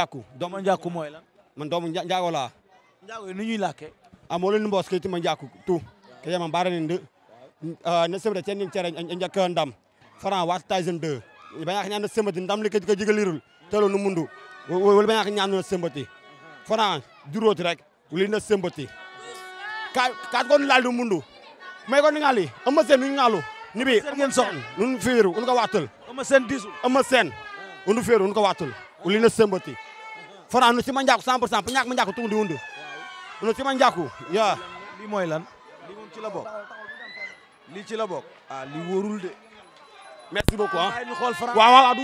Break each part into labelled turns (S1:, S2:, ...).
S1: njàkku doomu njàkku mooy lan man doomu njaago ah, ma njàkku tu ke yama bara ni de ah, ne sembe ten nim cere njak ndam fran wat tyson 2 banya xani na sembe ndam li ke ko jigalirul telo nu mundu wala banya xani na sembati fran juróoti rek li na sembati ka ka kon laal du mundu may kon ngali amma sen ñu ngalu ni bi ngeen soxna nun fiiru un ko waatul amma sen disul amma fiiru un ko waatul li na sembati Franc no sima njaku 100% pa ñak ma njaku tugundi wundi no sima njaku ya li mooy lan li ci la bokk li ci la bokk ah li wóorul de merci beaucoup ah waaw waaw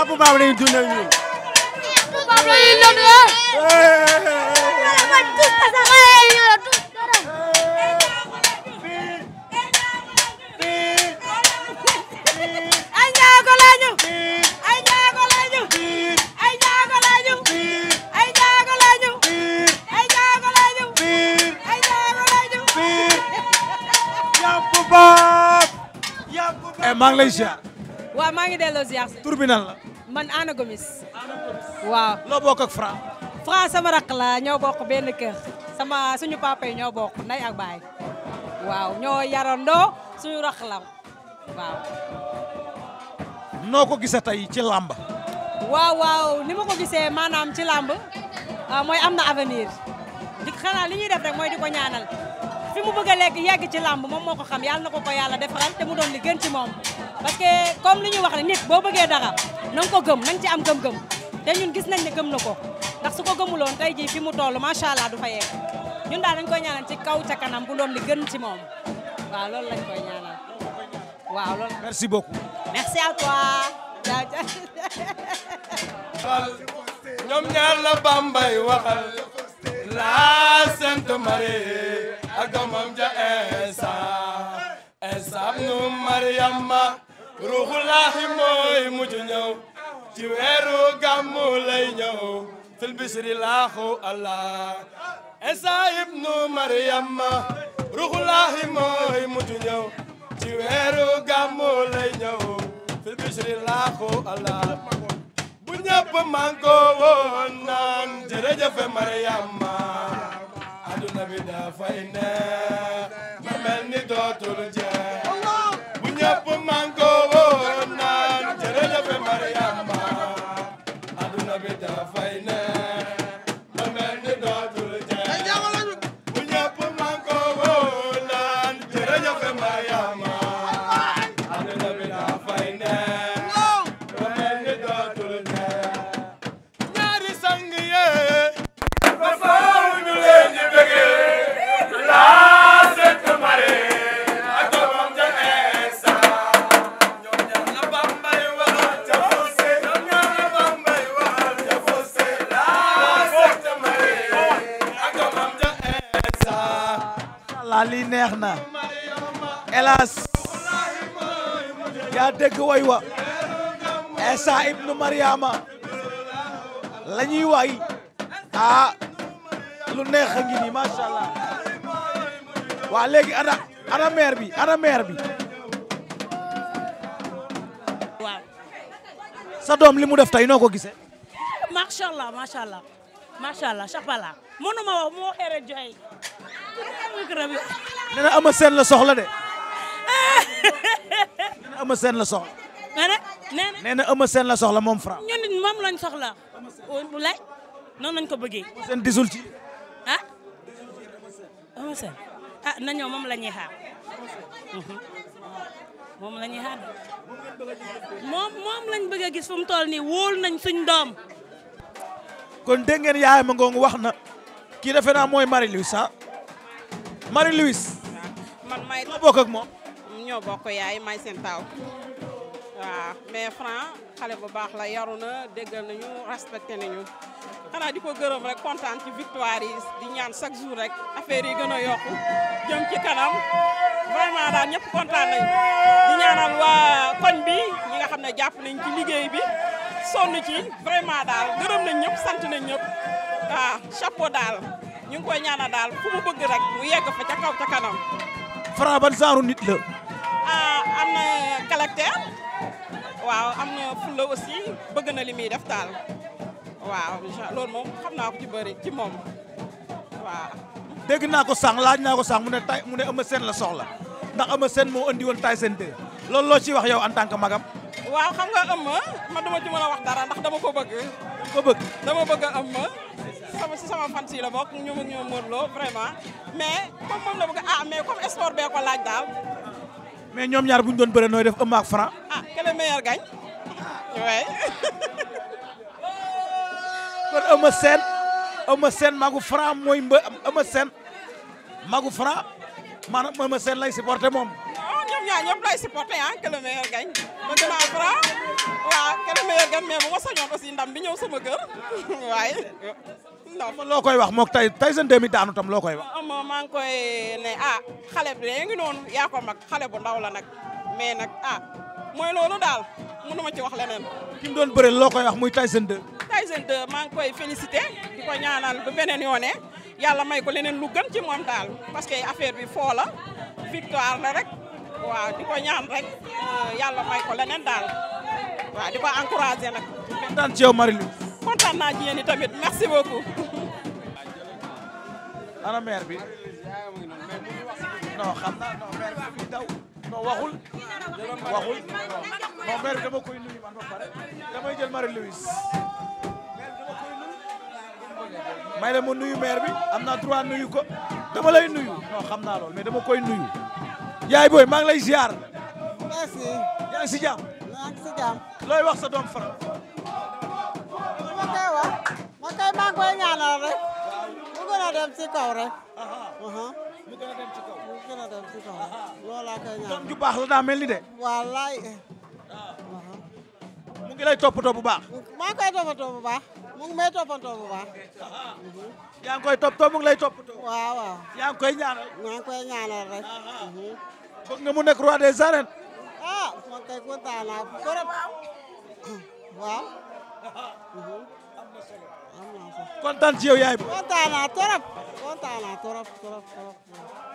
S2: yàpp baam la ñuy dundee ñun. yàpp baam la ñuy dundee. ay njaago lañu. ay njaago lañu. ay njaago lañu. ay njaago lañu. ay njaago lañu. ay njaago lañu. yàpp baam. yàpp eh, baam. maa ngi lay ziar.
S3: waaw maa ngi delloo ziar. tur bi nan la. man Anna Gomis. Anna Gomis waaw. loo bokk ak Fra. sama rakk la ñoo bokk benn kër sama suñu papa yi ñoo bokk nday ak baay waaw ñoo yarandoo suñu rakk la waaw.
S1: noo ko gisee tey ci làmb.
S3: waaw waaw ni ma ko gisee maanaam ci làmb ah, mooy am na avenir di xanaa li ñuy def rek mooy di ko ñaanal. fi mu bëgg a lekk yegg ci làmb moom moo ko xam yàlla na ko ko yàlla defaral te mu doon li gën ci moom parce que comme li ñuy wax ne nit boo bëggee dara na nga ko gëm na ci am gëm-gëm te ñun gis nañ ne gëm na ko ndax su ko gëmuloon tey jii fi mu toll macha allah du fa yegg ñun daal dañ koy ñaanal ci kaw ca kanam bu doon li gën ci moom waaw loolu lañ koy ñaanal waaw loolu. merci beaucoup.
S2: merci à toi. ñoom ñaar la Bambay waxal. la Sainte Marie. ak doomam ja Insa Insa nu Maryama ruuxullaahi mooy mujj ñëw ci weeru gàmmu lay ñëw fil bisri Allah Insa ibnu Maryama ruuxullaahi mooy mujj ñëw ci weeru gàmmu lay ñëw fil bisri Allah bu ñëpp mànkoo woon naan jërëjëfe Maryama nabi dafay ne ma mel ni dootul jeex bu ñëpp man
S1: ah neex na hélas yaa dégg way wa Isa ibnu Mariama la ñuy way ah lu neex a ngi nii waa léegi ana ana bi ana maire bi waaw li mu def tey noo ko gisee
S3: macha allah macha wax mu waxee rek
S1: nee na Ama la soxla de. nee na Ama la soxla. nga ne nee na Ama la moom Franc.
S3: ñun moom lañ soxla. bu lay noonu lañ ko bëggee. Ama Sène disul ci. ah. Ama Sène ah, mhm. moom la ñuy xaar. moom la ñuy moom lañ bëgg a gis fu mu toll nii wóol nañ suñ doom.
S1: kon dégg ngeen yaay ma ngoongu wax na kii defe naa mooy Marie Louise ah? Marie
S3: Louise. Ah, man may loo bokk ak moom. ñoo bokk yaay may seen taaw. waaw mais Franc xale bu baax la yaru na déggal nañu respecté nañu xanaa di ko gërëm rek kontaan ci victoire di ñaan chaque jour rek affaire yi gën a yokku ci kanam vraiment daal ñëpp kontaan nañu di ñaanal waa koñ bi ñi nga xam ne jàpp nañ ci liggéey bi sonn ci vraiment daal gërëm nañ ñëpp sant nañ ñëpp waaw chapeau daal. ñu ngi koy ñaanal daal fu mu bëgg rek mu yegg fa ca kaw ca kanam.
S1: Franc ban genre nit la.
S3: Ah, am na waaw am na fulla aussi bëgg na li muy def daal waaw loolu moom xam naa ko ci bari ci moom
S1: waaw. dégg naa ko sànq laaj naa ko sànq mu ne tay mu ne Eumeu Sène la soxla ndax ama Sène moo andi woon Tyson 2 loolu loo ciy wax yow en tant que magam.
S3: waaw xam nga Eumeu ma duma ci mën a wax dara ndax dama ko bëgg. ko bëgg dama bëgg Eumeu. sama si sama fan si la bokk ñu mën ñoo Modou Lo vraiment mais comme moom la bëgg ah mais comme sport bee ko laaj daal.
S1: mais ñoom ñaar bu ñu doon bëre nooy def Eumeu ak a
S3: ah que le meilleur gagne oui. kon
S1: Eumeu Sène magu Franc mooy mbë Eumeu Sène magu Franc maanaam Eumeu Sène lay supporté moom. Oh,
S3: ñoom ñaar ñëpp lay supporté ah que le meilleur gagne man damaa Franc waaw que le meilleur gagne bu ma sañoon aussi ndam bi ñëw sama kër non
S1: loo koy wax mook tey tey seen demi daanu tam loo koy wax.
S3: moom maa ngi koy ne ah xale bi de ngi noonu yaa ko mag xale bu ndaw la nag mais nag ah mooy loolu daal mënu ma ci wax leneen. ki doon bëre loo
S1: koy wax muy Tyson 2.
S3: Tyson 2 maa ngi koy félicité di ko ñaanal bu beneen yoone yàlla may ko leneen lu gën ci moom daal parce que affaire bi foo la victoire la rek waaw di ko ñaan rek euh, yàlla may ko leneen daal waa di ko encouragé nag. kontaan ci yow Marie Louise kontaan naa
S1: ana maire bi. non xam naa non maire bi daw. non waxul. waxul non maire bi dama koy nuyu man ba pare jël Marie Louise. may la nuyu maire bi am naa droit nuyu ko dama lay nuyu non xam naa lool mais dama koy nuyu. yaay booy maa ngi lay ziar. looy wax sa doom Franc.
S3: man kay koy ñaanal rek
S1: mu gën a dem ci kaw rek. mu gën
S3: koy ñaanal. doom ju
S1: baax la daa mel ni de. wallaay. mu ngi lay toppatoo bu baax.
S3: maa ngi koy toppatoo bu baax mu ngi may toppatoo bu
S1: yaa ngi koy toppatoo mu toppatoo. waaw
S3: koy ñaanal. maa ngi koy mhm. nga mu nekk roi des arènes. ah man kay kontaan naa trop. waaw. Mhm. kontaan ci yow yaay. kontaan naa trop kontaan naa trop trop trop.